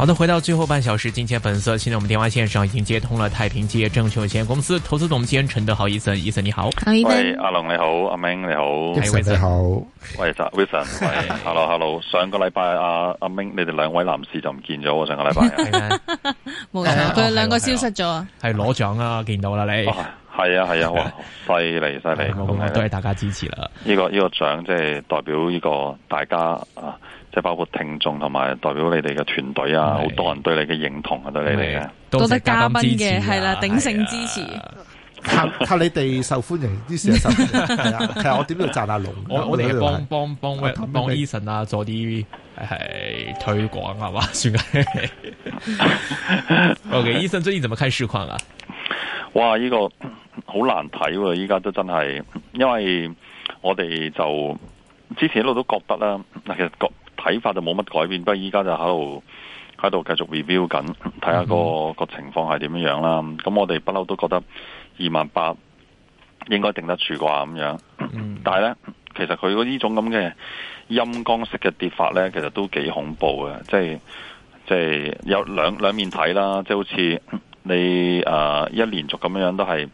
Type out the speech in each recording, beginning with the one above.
好的，回到最後半小時金錢本色。現在我們電話線上已經接通了太平置業證券有限公司投資總監陳德豪，伊森，伊森你好。阿龍你好，阿明你好，各位你好，喂，阿 Wilson 喂，Hello，Hello。上個禮拜阿阿明，你哋兩位男士就唔見咗，上個禮拜。冇嘅，佢哋兩個消失咗。係攞獎啦，見到啦你。係啊係啊，好，犀利犀利，咁多謝大家支持啦。呢個呢個獎即係代表呢個大家啊。即係包括聽眾同埋代表你哋嘅團隊啊，好多人對你嘅認同啊，對你哋嘅，多得嘉賓嘅係啦，鼎盛支持，靠你哋受歡迎啲事係啊，其實我點都要讚下龍，我我嚟，幫幫幫喂，幫 Eason 啊做啲係推廣啊。嘛算啦。OK，Eason 最近點樣開市況啊？哇，呢個好難睇，依家都真係，因為我哋就之前一路都覺得啦，其實睇法就冇乜改變，不過依家就喺度喺度繼續 review 緊，睇下、嗰個、mm hmm，個情況係點樣樣啦。咁我哋不嬲都覺得二萬八應該定得住啩咁樣。但係呢，其實佢呢種咁嘅陰光式嘅跌法呢，其實都幾恐怖嘅。即係即係有兩兩面睇啦。即、就、係、是、好似你誒、呃、一連續咁樣都係，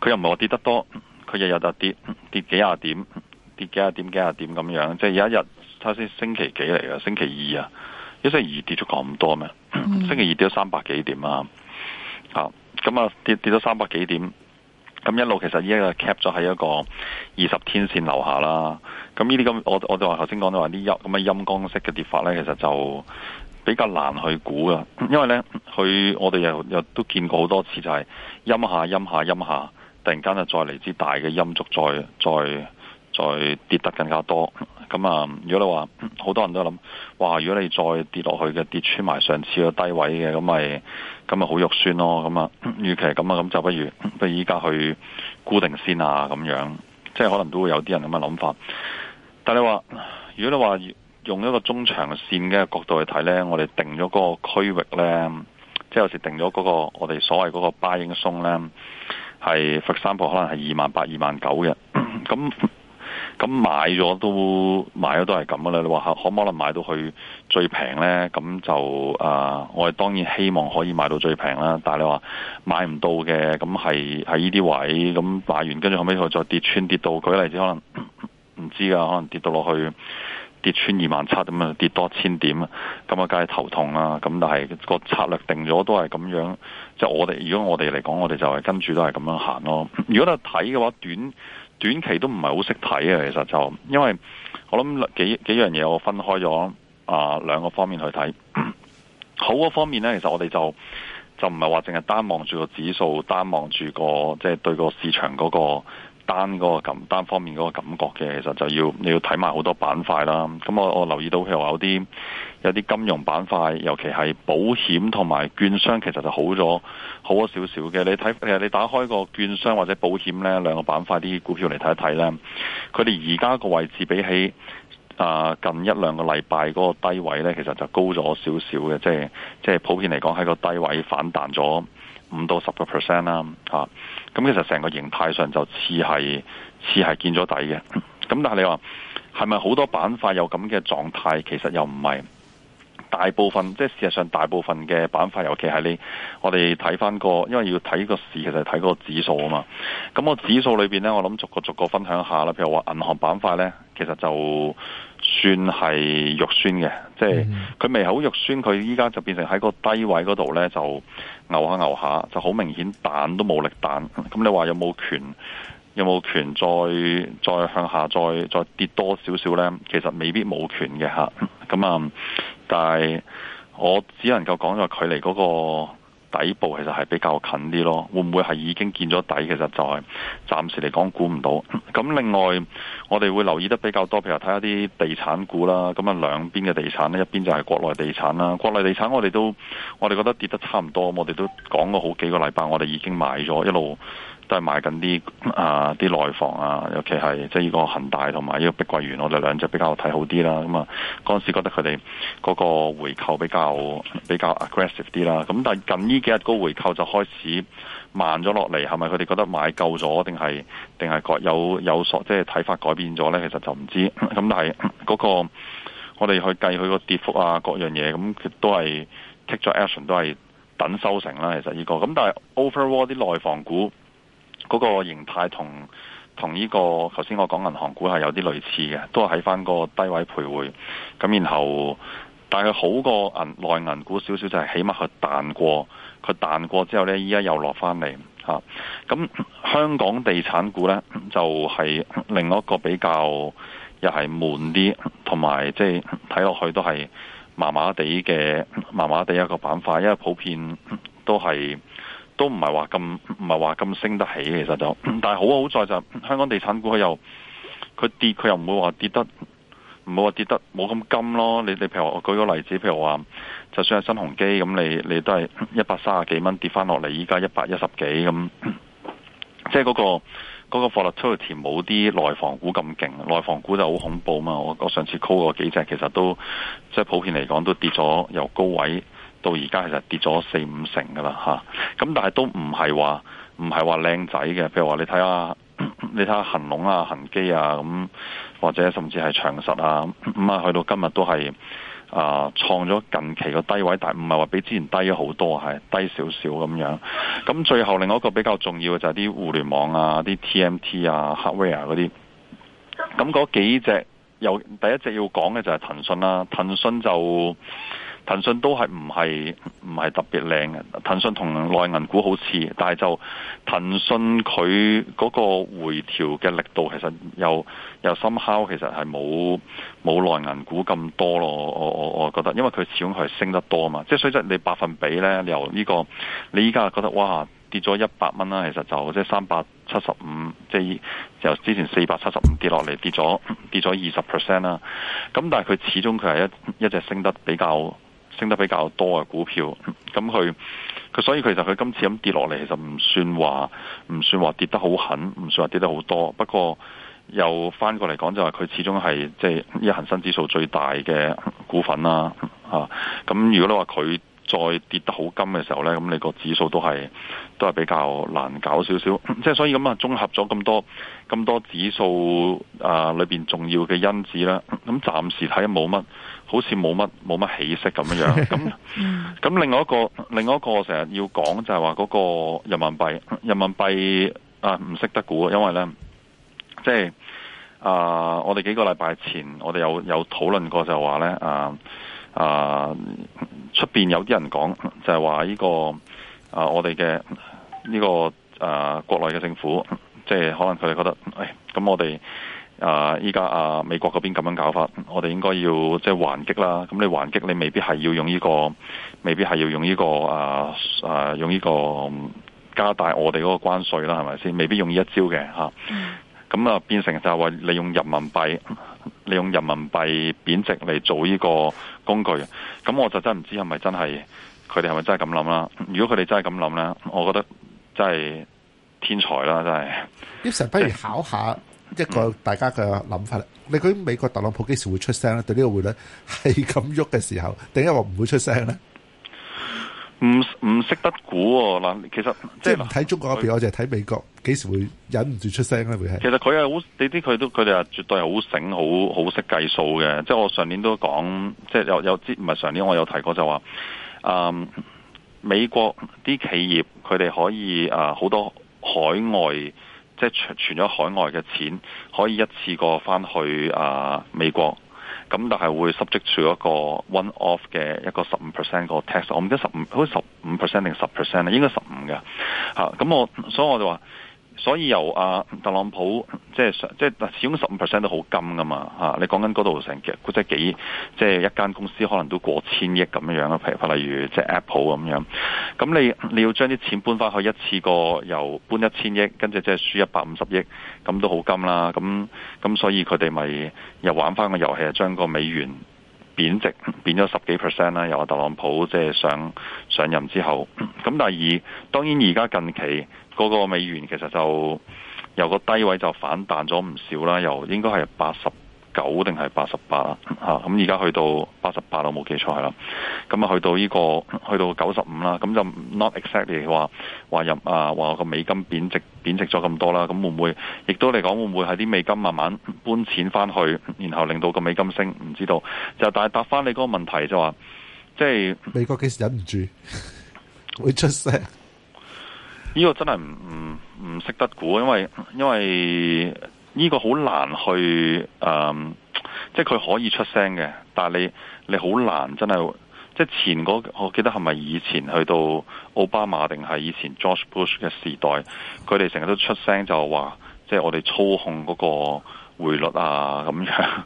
佢又唔係話跌得多，佢日日就跌跌幾廿點，跌幾廿點幾廿點咁樣。即、就、係、是、有一日。先，星期幾嚟㗎？星期二啊，一星期二跌咗咁多咩？星期二跌咗三百幾點啊！啊，咁啊跌跌咗三百幾點，咁一路其實依一個 cap 咗喺一個二十天線樓下啦。咁呢啲咁，我我就話頭先講到話啲咁嘅陰光式嘅跌法咧，其實就比較難去估㗎。因為咧，佢我哋又又都見過好多次，就係陰下陰下陰下，突然間就再嚟支大嘅陰燭，再再再跌得更加多。咁啊、嗯！如果你話好多人都諗，哇！如果你再跌落去嘅跌穿埋上次個低位嘅，咁咪咁咪好肉酸咯。咁、嗯、啊，與其咁啊，咁就不如不如依家去固定先啊，咁樣即係可能都會有啲人咁嘅諗法。但係你話，如果你話用一個中長線嘅角度去睇呢，我哋定咗嗰個區域呢，即係有時定咗嗰、嗰個我哋所謂嗰個 Buying Zone 呢，係佛山鋪可能係二萬八、二萬九嘅，咁。咁買咗都買咗都係咁嘅啦！你話可唔可能買到去最平咧？咁就啊、呃，我哋當然希望可以買到最平啦。但係你話買唔到嘅咁係喺呢啲位咁買完，跟住後尾，佢再跌穿跌到跌，舉例子可能唔知噶，可能跌到落去跌穿二萬七咁啊，跌多千點啊，咁啊梗係頭痛啦。咁但係個策略定咗都係咁樣，即係我哋如果我哋嚟講，我哋就係跟住都係咁樣行咯。如果你睇嘅話，短。短期都唔係好識睇啊，其實就因為我諗幾幾樣嘢，我分開咗啊、呃、兩個方面去睇。 好嘅方面咧，其實我哋就就唔係話淨係單望住個指數，單望住個即係、即係、對個市場嗰個單嗰、嗰個感單方面嗰個感覺嘅，其實就要你要睇埋好多板塊啦。咁我我留意到佢話有啲。有啲金融板塊尤其係保險同埋券商，其實就好咗好咗少少嘅。你睇誒，你打開個券商或者保險咧兩個板塊啲股票嚟睇一睇咧，佢哋而家個位置比起啊近一兩個禮拜嗰個低位咧，其實就高咗少少嘅，即係即係普遍嚟講喺個低位反彈咗五到十個 percent 啦，吓，咁、啊嗯、其實成個形態上就似係似係見咗底嘅。咁、嗯、但係你話，係咪好多板塊有咁嘅狀態，其實又唔係。大部分即係事實上，大部分嘅板塊，尤其係你我哋睇翻個，因為要睇個市，其實睇嗰個指數啊嘛。咁個指數裏邊咧，我諗逐個逐個分享下啦。譬如話銀行板塊咧，其實就算係肉酸嘅，即係佢未好肉酸，佢依家就變成喺個低位嗰度咧就牛下牛下，就好明顯彈都冇力彈。咁你話有冇權？有冇權再再向下再再跌多少少咧？其實未必冇權嘅吓。咁啊。但係我只能夠講就距離嗰個底部其實係比較近啲咯，會唔會係已經見咗底，其實就係暫時嚟講估唔到。咁另外我哋會留意得比較多，譬如睇下啲地產股啦，咁啊兩邊嘅地產呢？一邊就係國內地產啦。國內地產我哋都我哋覺得跌得差唔多，我哋都講過好幾個禮拜，我哋已經買咗一路。都係買緊啲啊啲內房啊，尤其係即係呢個恒大同埋呢個碧桂園，我哋兩隻比較睇好啲啦。咁、嗯、啊，嗰陣時覺得佢哋嗰個回購比較比較 aggressive 啲啦。咁、嗯、但係近呢幾日個回購就開始慢咗落嚟，係咪佢哋覺得買夠咗，定係定係各有有所即係睇法改變咗咧？其實就唔知。咁、嗯、但係嗰、嗰個我哋去計佢個跌幅啊，各樣嘢咁，嗯、都係 take 咗 action，都係等收成啦。其實呢、呢個咁、嗯，但係 overall w 啲內房股。嗰個形態同同呢個頭先我講銀行股係有啲類似嘅，都係喺翻個低位徘徊。咁然後，但係佢好過銀內銀股少少，就係起碼佢彈過，佢彈過之後呢，依家又落翻嚟嚇。咁香港地產股呢，就係另一個比較又係悶啲，同埋即係睇落去都係麻麻地嘅，麻麻地一個板塊，因為普遍都係。都唔係話咁，唔係話咁升得起，其實就，但係好好在就香港地產股佢又佢跌佢又唔會話跌得唔會話跌得冇咁甘咯。你你，譬如我舉個例子，譬如我話就算係新鴻基咁，你你都係一百三十幾蚊跌返落嚟，依家一百一十幾咁。即係嗰個嗰個 foreclosure 冇啲內房股咁勁，內房股就好恐怖嘛。我我上次 call 過幾隻，其實都即係普遍嚟講都跌咗由高位。到而家其實跌咗四五成㗎喇吓，咁、啊、但係都唔係話唔係話靚仔嘅，譬如話你睇下 你睇下恆隆啊、恒基啊咁、嗯，或者甚至係長實啊，咁、嗯、啊去到今日都係啊創咗近期個低位，但唔係話比之前低咗好多，係低少少咁樣。咁最後另外一個比較重要嘅就係啲互聯網啊、啲 TMT 啊、hardware 嗰、啊、啲，咁嗰幾隻有第一隻要講嘅就係騰訊啦、啊，騰訊就。騰訊都係唔係唔係特別靚嘅，騰訊同內銀股好似，但係就騰訊佢嗰個回調嘅力度，其實又又深敲，其實係冇冇內銀股咁多咯。我我我覺得，因為佢始終係升得多嘛，即係所以你百分比咧由呢、這個，你依家覺得哇跌咗一百蚊啦，其實就即係三百七十五，即係由之前四百七十五跌落嚟，跌咗跌咗二十 percent 啦。咁、啊、但係佢始終佢係一一隻升得比較，升得比較多嘅股票，咁佢，佢所以其實佢今次咁跌落嚟，其實唔算話，唔算話跌得好狠，唔算話跌得好多。不過又翻過嚟講，就話佢始終係即係恆生指數最大嘅股份啦、啊，嚇、啊。咁、啊、如果你話佢再跌得好金嘅時候呢，咁你個指數都係都係比較難搞少少。即係所以咁啊，綜合咗咁多咁多指數啊裏邊重要嘅因子咧，咁暫時睇冇乜。好似冇乜冇乜起色咁樣樣，咁咁另外一個另外一個成日要講就係話嗰個人民幣，人民幣啊唔識得估。因為呢，即係啊，我哋幾個禮拜前我哋有有討論過就話呢，啊啊，出邊有啲人講就係話呢個啊我哋嘅呢個啊國內嘅政府，即係可能佢哋覺得，誒，咁我哋。啊！依家啊，美國嗰邊咁樣搞法，我哋應該要即係還擊啦。咁你還擊，你未必係要用呢個，未必係要用呢個啊啊，用呢個加大我哋嗰個關稅啦，係咪先？未必用呢一招嘅吓。咁啊，變成就係話利用人民幣，利用人民幣貶值嚟做呢個工具。咁我就真唔知係咪真係佢哋係咪真係咁諗啦？如果佢哋真係咁諗咧，我覺得真係天才啦，真係。其實不如考下。 一個大家嘅諗法啦，你佢美國特朗普幾時會出聲咧？對呢個匯率係咁喐嘅時候，點解話唔會出聲呢？唔唔識得估嗱、哦，其實、就是、即係睇中國入邊，他我淨係睇美國幾時會忍唔住出聲咧？其實佢係好，你啲佢都佢哋係絕對係好醒，好好識計數嘅。即係我上年都講，即係有有知唔係上年我有提過就話，嗯，美國啲企業佢哋可以啊好多海外。即係存咗海外嘅錢，可以一次過翻去啊美國。咁但係會 subject to 一個 one off 嘅一個十五 percent 個 tax，我唔知十五好似十五 percent 定十 percent 啊，應該十五嘅吓。咁我所以我就話。所以由阿、啊、特朗普即係即係，始終十五 percent 都好金噶嘛嚇、啊！你講緊嗰度成幾即係幾，即係一間公司可能都過千億咁樣樣，譬如例如即係 Apple 咁樣。咁你你要將啲錢搬翻去一次過，由搬一千億，跟住即係輸一百五十億，咁都好金啦。咁咁所以佢哋咪又玩翻個遊戲，將個美元貶值，貶咗十幾 percent 啦。由阿特朗普即係上上任之後，咁但係而當然而家近期。嗰個美元其實就由個低位就反彈咗唔少啦，由應該係八十九定係八十八嚇，咁而家去到八十八啦，我冇記錯係啦。咁啊，去到呢個去到九十五啦，咁就 not exactly 話話入啊話個美金貶值貶值咗咁多啦，咁、啊、會唔會亦都嚟講會唔會係啲美金慢慢搬錢翻去，然後令到個美金升？唔知道。就但係答翻你嗰個問題就話，即係美國幾時忍唔住會出聲？呢個真係唔唔唔識得估，因為因為呢個好難去誒、呃，即係佢可以出聲嘅，但係你你好難真係，即係前嗰，我記得係咪以前去到奧巴馬定係以前 George Bush 嘅時代，佢哋成日都出聲就話，即係我哋操控嗰、那個。匯率啊咁樣，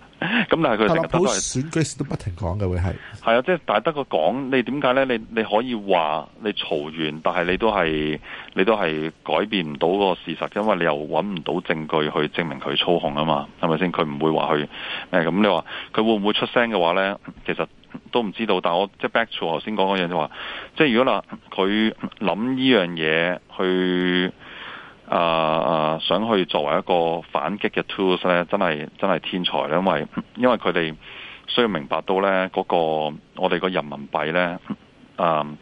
咁但係佢成日都係選舉時都不停講嘅，會係係啊，即係但係得個講，你點解咧？你你可以話你嘈完，但係你都係你都係改變唔到嗰個事實，因為你又揾唔到證據去證明佢操控啊嘛，係咪先？佢唔會話去，誒咁你話佢會唔會出聲嘅話咧？其實都唔知道。但係我即係 back to 我頭先講嗰樣、就話，即話，即係如果嗱佢諗呢樣嘢去。啊啊！Uh, 想去作為一個反擊嘅 tools 咧，真係真係天才咧，因為因為佢哋需要明白到咧、嗰個我哋個人民幣咧，啊、嗯、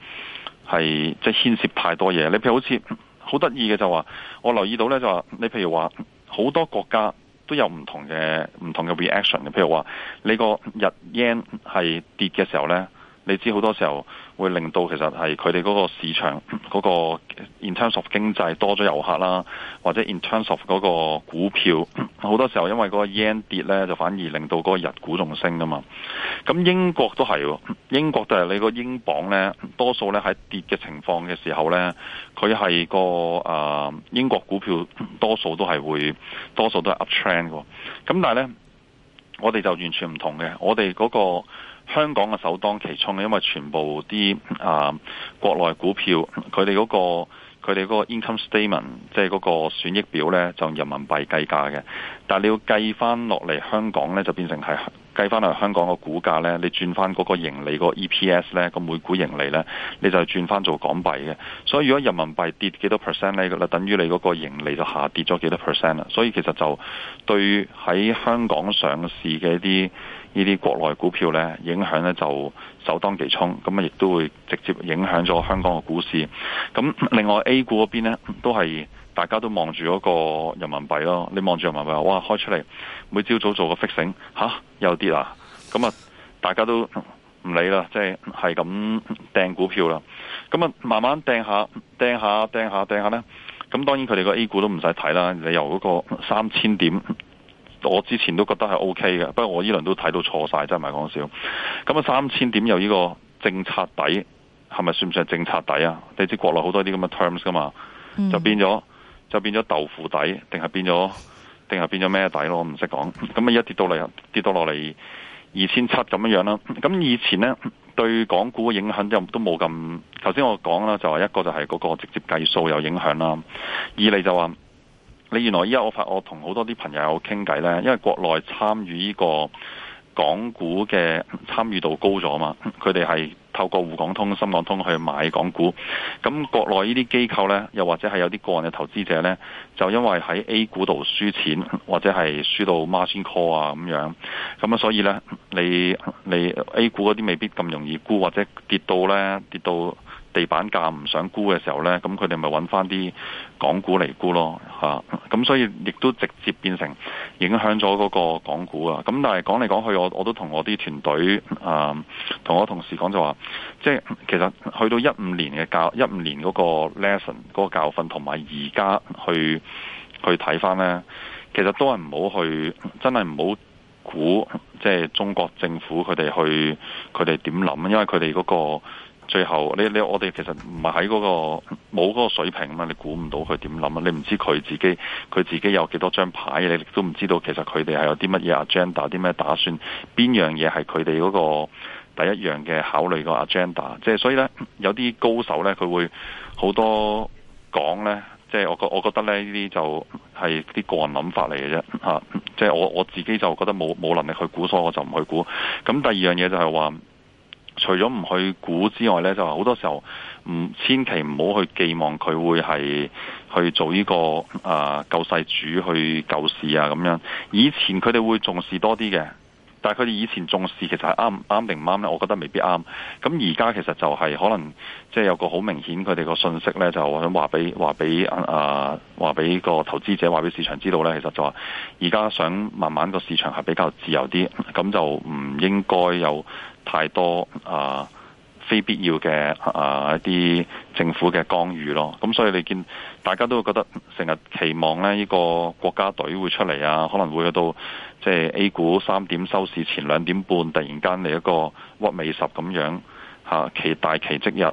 係即係牽涉太多嘢。你譬如好似好得意嘅就話、是、我留意到咧就話、是、你譬如話好多國家都有唔同嘅唔同嘅 reaction，譬如話你個日 yen 係跌嘅時候咧。你知好多時候會令到其實係佢哋嗰個市場嗰個 in terms of 經濟多咗遊客啦，或者 in terms of 嗰個股票好多時候因為嗰個 yen 跌咧，就反而令到嗰日股仲升噶嘛。咁英國都係喎，英國就係你個英鎊咧，多數咧喺跌嘅情況嘅時候咧，佢係、嗰個誒、啊、英國股票多數都係會多數都係 up trend 嘅。咁但係咧，我哋就完全唔同嘅，我哋嗰、嗰個。香港嘅首當其衝，因為全部啲啊國內股票，佢哋嗰個佢哋嗰個 income statement，即係嗰個損益表呢，就用人民幣計價嘅。但係你要計翻落嚟香港呢，就變成係計翻落香港嘅股價呢，你轉翻嗰個盈利個 EPS 呢，個每股盈利呢，你就轉翻做港幣嘅。所以如果人民幣跌幾多 percent 呢，嗱，等於你嗰個盈利就下跌咗幾多 percent 啦。所以其實就對喺香港上市嘅一啲，呢啲國內股票呢，影響呢就首當其衝，咁啊亦都會直接影響咗香港嘅股市。咁另外 A 股嗰邊呢，都係大家都望住嗰個人民幣咯。你望住人民幣，哇開出嚟，每朝早做個 fixing，嚇又跌啦。咁啊，大家都唔理啦，即係係咁掟股票啦。咁啊，慢慢掟下掟下掟下掟下，下呢。咁當然佢哋個 A 股都唔使睇啦。你由嗰個三千點。我之前都覺得係 O K 嘅，不過我依輪都睇到錯晒，真係唔係講笑。咁啊，三千點有呢個政策底，係咪算唔算政策底啊？你知國內好多啲咁嘅 terms 噶嘛、嗯就，就變咗就變咗豆腐底，定係變咗定係變咗咩底咯？我唔識講。咁啊，一跌到嚟跌到落嚟二千七咁樣樣啦。咁以前呢，對港股嘅影響就都冇咁。頭先我講啦，就話一個就係嗰個直接計數有影響啦，二嚟就話。你原來依家我發我同好多啲朋友傾偈咧，因為國內參與呢個港股嘅參與度高咗嘛，佢哋係透過滬港通、深港通去買港股。咁國內呢啲機構咧，又或者係有啲個人嘅投資者咧，就因為喺 A 股度輸錢，或者係輸到 Margin Call 啊咁樣。咁啊，所以咧，你你 A 股嗰啲未必咁容易沽，或者跌到咧跌到。地板價唔想沽嘅時候呢，咁佢哋咪揾翻啲港股嚟沽咯，嚇、啊！咁所以亦都直接變成影響咗嗰個港股啊！咁但係講嚟講去，我我都同我啲團隊啊，同我同事講就話、係，即係其實去到一五年嘅教一五年嗰個 lesson 嗰個教訓，同埋而家去去睇翻呢，其實都係唔好去，真係唔好估即係中國政府佢哋去佢哋點諗，因為佢哋嗰個。最後，你你我哋其實唔係喺嗰個冇嗰個水平啊嘛，你估唔到佢點諗啊！你唔知佢自己佢自己有幾多張牌，你亦都唔知道其實佢哋係有啲乜嘢 agenda，啲咩打算，邊樣嘢係佢哋嗰個第一樣嘅考慮個 agenda。即係所以咧，有啲高手咧，佢會好多講咧，即係我我覺得咧呢啲就係啲個人諗法嚟嘅啫嚇。即係我我自己就覺得冇冇能力去估，所以我就唔去估。咁第二樣嘢就係話。除咗唔去估之外咧，就話好多時候唔千祈唔好去寄望佢會係去做呢個啊、呃、救世主去救市啊咁樣。以前佢哋會重視多啲嘅，但係佢哋以前重視其實係啱啱定唔啱咧？我覺得未必啱。咁而家其實就係可能即係、就是、有個好明顯佢哋個信息咧，就想話俾話俾啊話俾個投資者話俾市場知道咧，其實就話而家想慢慢個市場係比較自由啲，咁就唔應該有。太多啊，非必要嘅啊一啲政府嘅干預咯，咁、啊、所以你見大家都會覺得成日期望咧，呢個國家隊會出嚟啊，可能會去到即係、就是、A 股三點收市前兩點半，突然間嚟一個屈尾十咁樣，吓、啊，期大期即日。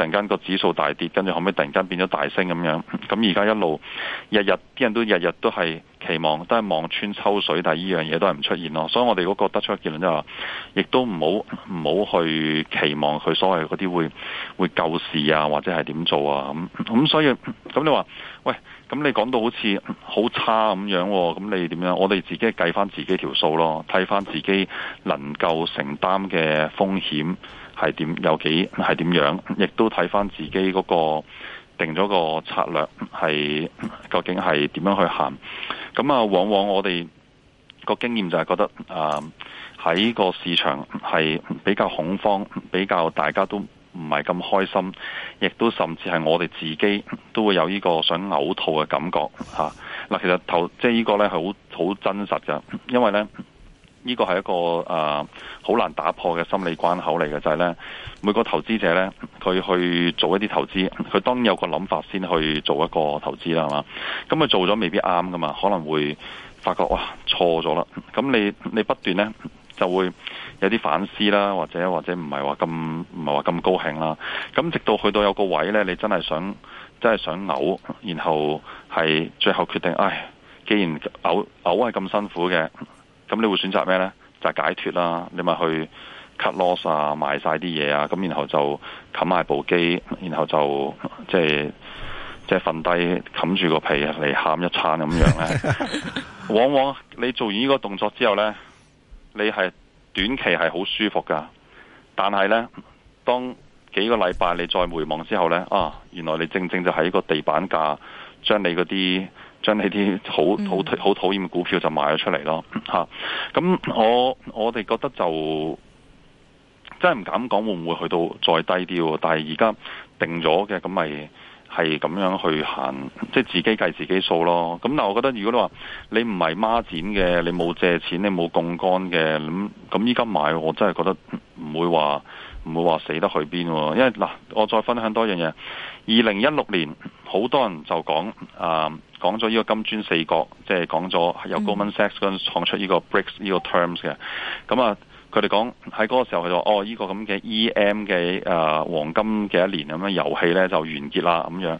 突然間個指數大跌，跟住後尾突然間變咗大升咁樣，咁而家一路日日啲人都日日都係期望，都係望穿秋水，但係依樣嘢都係唔出現咯。所以我哋嗰個得出結論就係話，亦都唔好唔好去期望佢所謂嗰啲會會救市啊，或者係點做啊咁咁。所以咁你話，喂，咁你講到好似好差咁樣，咁你點樣？我哋自己計翻自己條數咯，睇翻自己能夠承擔嘅風險。係點有幾係點樣？亦都睇翻自己嗰個定咗個策略，係究竟係點樣去行？咁啊，往往我哋個經驗就係覺得啊，喺個市場係比較恐慌，比較大家都唔係咁開心，亦都甚至係我哋自己都會有呢個想嘔吐嘅感覺嚇。嗱、啊，其實投即係呢個呢係好好真實㗎，因為呢。呢個係一個誒好、呃、難打破嘅心理關口嚟嘅，就係、是、呢，每個投資者呢，佢去做一啲投資，佢當然有個諗法先去做一個投資啦，係嘛？咁佢做咗未必啱㗎嘛，可能會發覺哇錯咗啦！咁你你不斷呢，就會有啲反思啦，或者或者唔係話咁唔係話咁高興啦。咁直到去到有個位呢，你真係想真係想嘔，然後係最後決定，唉，既然嘔嘔係咁辛苦嘅。咁你會選擇咩呢？就係、是、解脫啦、啊！你咪去 cut loss 啊，賣晒啲嘢啊，咁然後就冚埋部機，然後就即係瞓低，冚、就是就是、住個皮嚟喊一餐咁樣呢， 往往你做完呢個動作之後呢，你係短期係好舒服㗎，但係呢，當幾個禮拜你再回望之後呢，啊，原來你正正就喺個地板價，將你嗰啲。將呢啲好好好討厭嘅股票就賣咗出嚟咯嚇，咁、啊、我我哋覺得就真係唔敢講會唔會去到再低啲喎，但係而家定咗嘅咁咪係咁樣去行，即、就、係、是、自己計自己數咯。咁嗱，我覺得如果你話你唔係孖展嘅，你冇借錢，你冇槓桿嘅，咁咁依家買，我真係覺得唔會話。唔會話死得去邊喎、啊，因為嗱，我再分享多樣嘢。二零一六年，好多人就講啊、呃，講咗呢個金磚四國，即係講咗由 Goldman Sachs 創出呢個 BRICS 呢個 terms 嘅。咁啊，佢哋講喺嗰個時候就，佢話哦，呢、呢個咁嘅 EM 嘅誒、呃、黃金嘅一年咁樣遊戲咧就完結啦咁樣。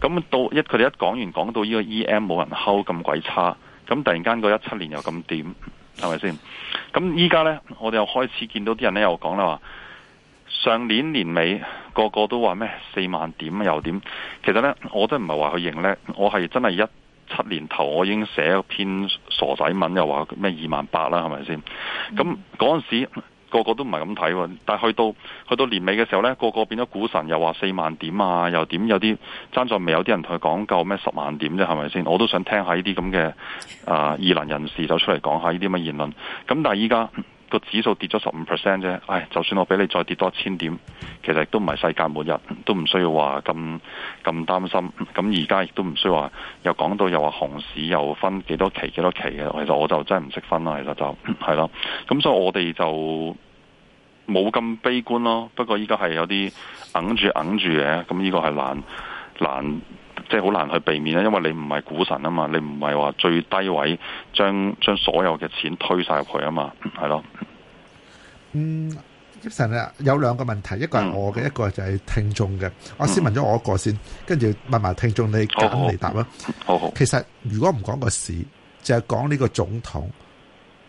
咁到一佢哋一講完，講到呢個 EM 冇人溝咁鬼差，咁突然間嗰一七年又咁點係咪先？咁依家咧，我哋又開始見到啲人咧又講啦話。上年年尾個個都話咩四萬點又點？其實呢，我都唔係話佢認叻，我係真係一七年頭我已經寫一篇傻仔文，又話咩二萬八啦，係咪先？咁嗰陣時個個都唔係咁睇喎，但係去到去到年尾嘅時候呢，個個變咗股神，又話四萬點啊，又點？有啲爭在未有，有啲人同佢講夠咩十萬點啫，係咪先？我都想聽下呢啲咁嘅啊異能人士就出嚟講下呢啲咁嘅言論。咁但係依家，個指數跌咗十五 percent 啫，唉，就算我俾你再跌多一千點，其實都唔係世界末日，都唔需要話咁咁擔心。咁而家亦都唔需要話又講到又話熊市又分幾多期幾多期嘅，其實我就真係唔識分啦。其實就係咯，咁所以我哋就冇咁悲觀咯。不過依家係有啲硬住硬住嘅，咁呢個係難難。即係好難去避免咧，因為你唔係股神啊嘛，你唔係話最低位將將所有嘅錢推晒入去啊嘛，係咯。嗯，神啊，有兩個問題，一個係我嘅，嗯、一個就係聽眾嘅。我先問咗我一個先，跟住、嗯、問埋聽眾，你咁嚟答啦。好，好。其實如果唔講個市，就係講呢個總統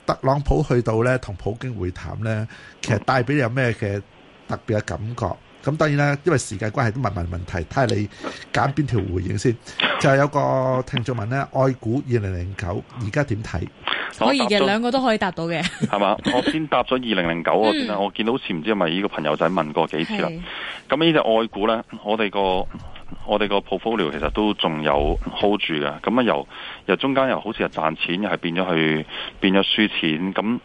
特朗普去到咧，同普京會談咧，其實帶俾你有咩嘅特別嘅感覺？咁當然啦，因為時間關係都問問問題，睇下你揀邊條回應先。就係有個聽眾問咧，愛股二零零九而家點睇？我而家兩個都可以答到嘅，係 嘛？我先答咗二零零九嗰邊、嗯、我見到好似唔知係咪呢個朋友仔問過幾次啦。咁是呢隻愛股咧，我哋個。我哋個 portfolio 其實都仲有 hold 住嘅，咁啊又又中間又好似係賺錢，又係變咗去變咗輸錢。咁、嗯、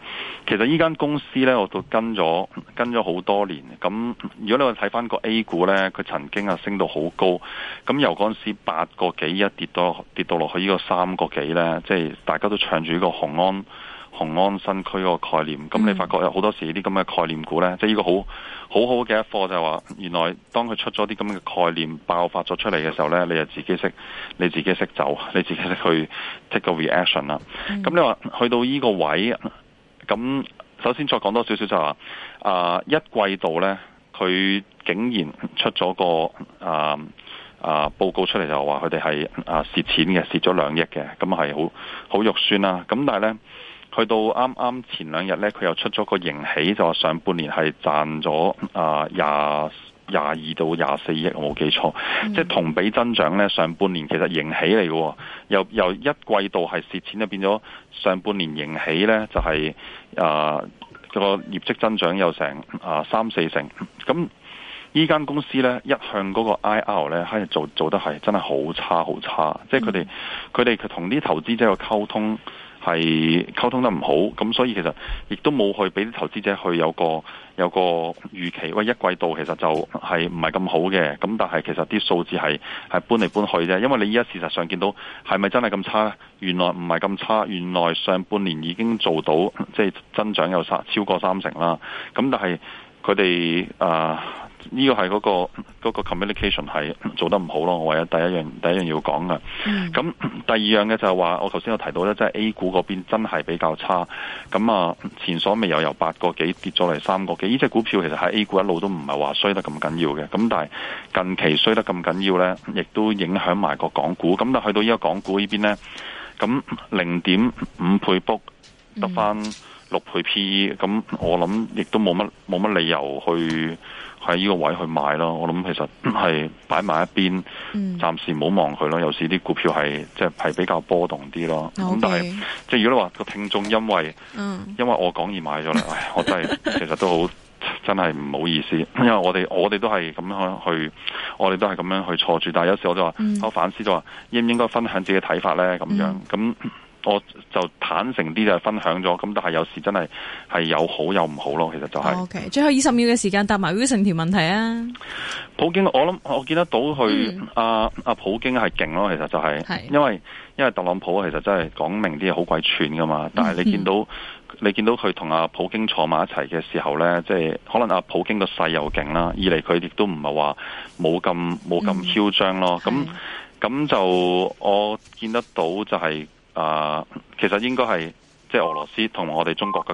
其實呢間公司呢，我都跟咗跟咗好多年。咁、嗯、如果你話睇翻個 A 股呢，佢曾經啊升到好高，咁、嗯、由嗰時八個幾一跌到跌到落去呢個三個幾呢，即係大家都唱住呢個雄安雄安新區個概念，咁你發覺有好多時啲咁嘅概念股呢，即係呢個好好好嘅一課，就係話原來當佢出咗啲咁嘅概念爆發咗出嚟嘅時候呢，你就自己識你自己識走，你自己去 take 個 reaction 啦。咁、嗯、你話去到呢個位，咁首先再講多少少就話、係、啊，一季度呢，佢竟然出咗個啊啊報告出嚟，就話佢哋係啊蝕錢嘅，蝕咗兩億嘅，咁係好好肉酸啦。咁但係呢。去到啱啱前兩日呢，佢又出咗個盈喜，就話上半年係賺咗啊廿廿二到廿四億，我冇記錯。嗯、即係同比增長呢，上半年其實盈喜嚟嘅，又由一季度係蝕錢，就變咗上半年盈喜呢，就係、是、啊、個業績增長有成啊三四成。咁依間公司呢，一向嗰個 IR 呢，係做做得係真係好差好差，嗯、即係佢哋佢哋同啲投資者嘅溝通。係溝通得唔好，咁所以其實亦都冇去俾啲投資者去有個有個預期，喂，一季度其實就係唔係咁好嘅，咁但係其實啲數字係係搬嚟搬去啫，因為你依家事實上見到係咪真係咁差咧？原來唔係咁差，原來上半年已經做到即係、就是、增長有三超過三成啦，咁但係佢哋啊。呃呢個係嗰個嗰個 communication 係做得唔好咯，我唯有第一樣第一樣要講噶。咁、嗯、第二樣嘅就係話，我頭先我提到咧，即係 A 股嗰邊真係比較差。咁啊，前所未有由八個幾跌咗嚟，三個幾，呢隻股票其實喺 A 股一路都唔係話衰得咁緊要嘅。咁但係近期衰得咁緊要呢，亦都影響埋個港股。咁但去到依家港股呢邊呢，咁零點五倍 book 得翻六倍 PE，咁、嗯、我諗亦都冇乜冇乜理由去。喺呢個位去買咯，我諗其實係擺埋一邊，暫時唔好望佢咯。有時啲股票係即係係比較波動啲咯。咁但係，即係如果你話個聽眾因為因為我講而買咗咧， 唉，我真係其實都好真係唔好意思。因為我哋我哋都係咁樣去，我哋都係咁樣去錯住。但係有時我就話、嗯、我反思就話應唔應該分享自己嘅睇法咧咁樣咁。嗯嗯。我就坦誠啲就分享咗，咁但係有時真係係有好有唔好咯。其實就係、是、，OK，最後二十秒嘅時間答埋 Wilson 條問題啊。普京，我諗我見得到佢阿阿普京係勁咯，其實就係、是，係是因為因為特朗普其實真係講明啲嘢，好鬼串噶嘛。但係你見到、嗯、你見到佢同阿普京坐埋一齊嘅時候咧，即、就、係、是、可能阿普京個勢又勁啦，二嚟，佢亦都唔係話冇咁冇咁囂張咯。咁咁就我見得到就係、是。啊，uh, 其實應該係即係俄羅斯同我哋中國嘅。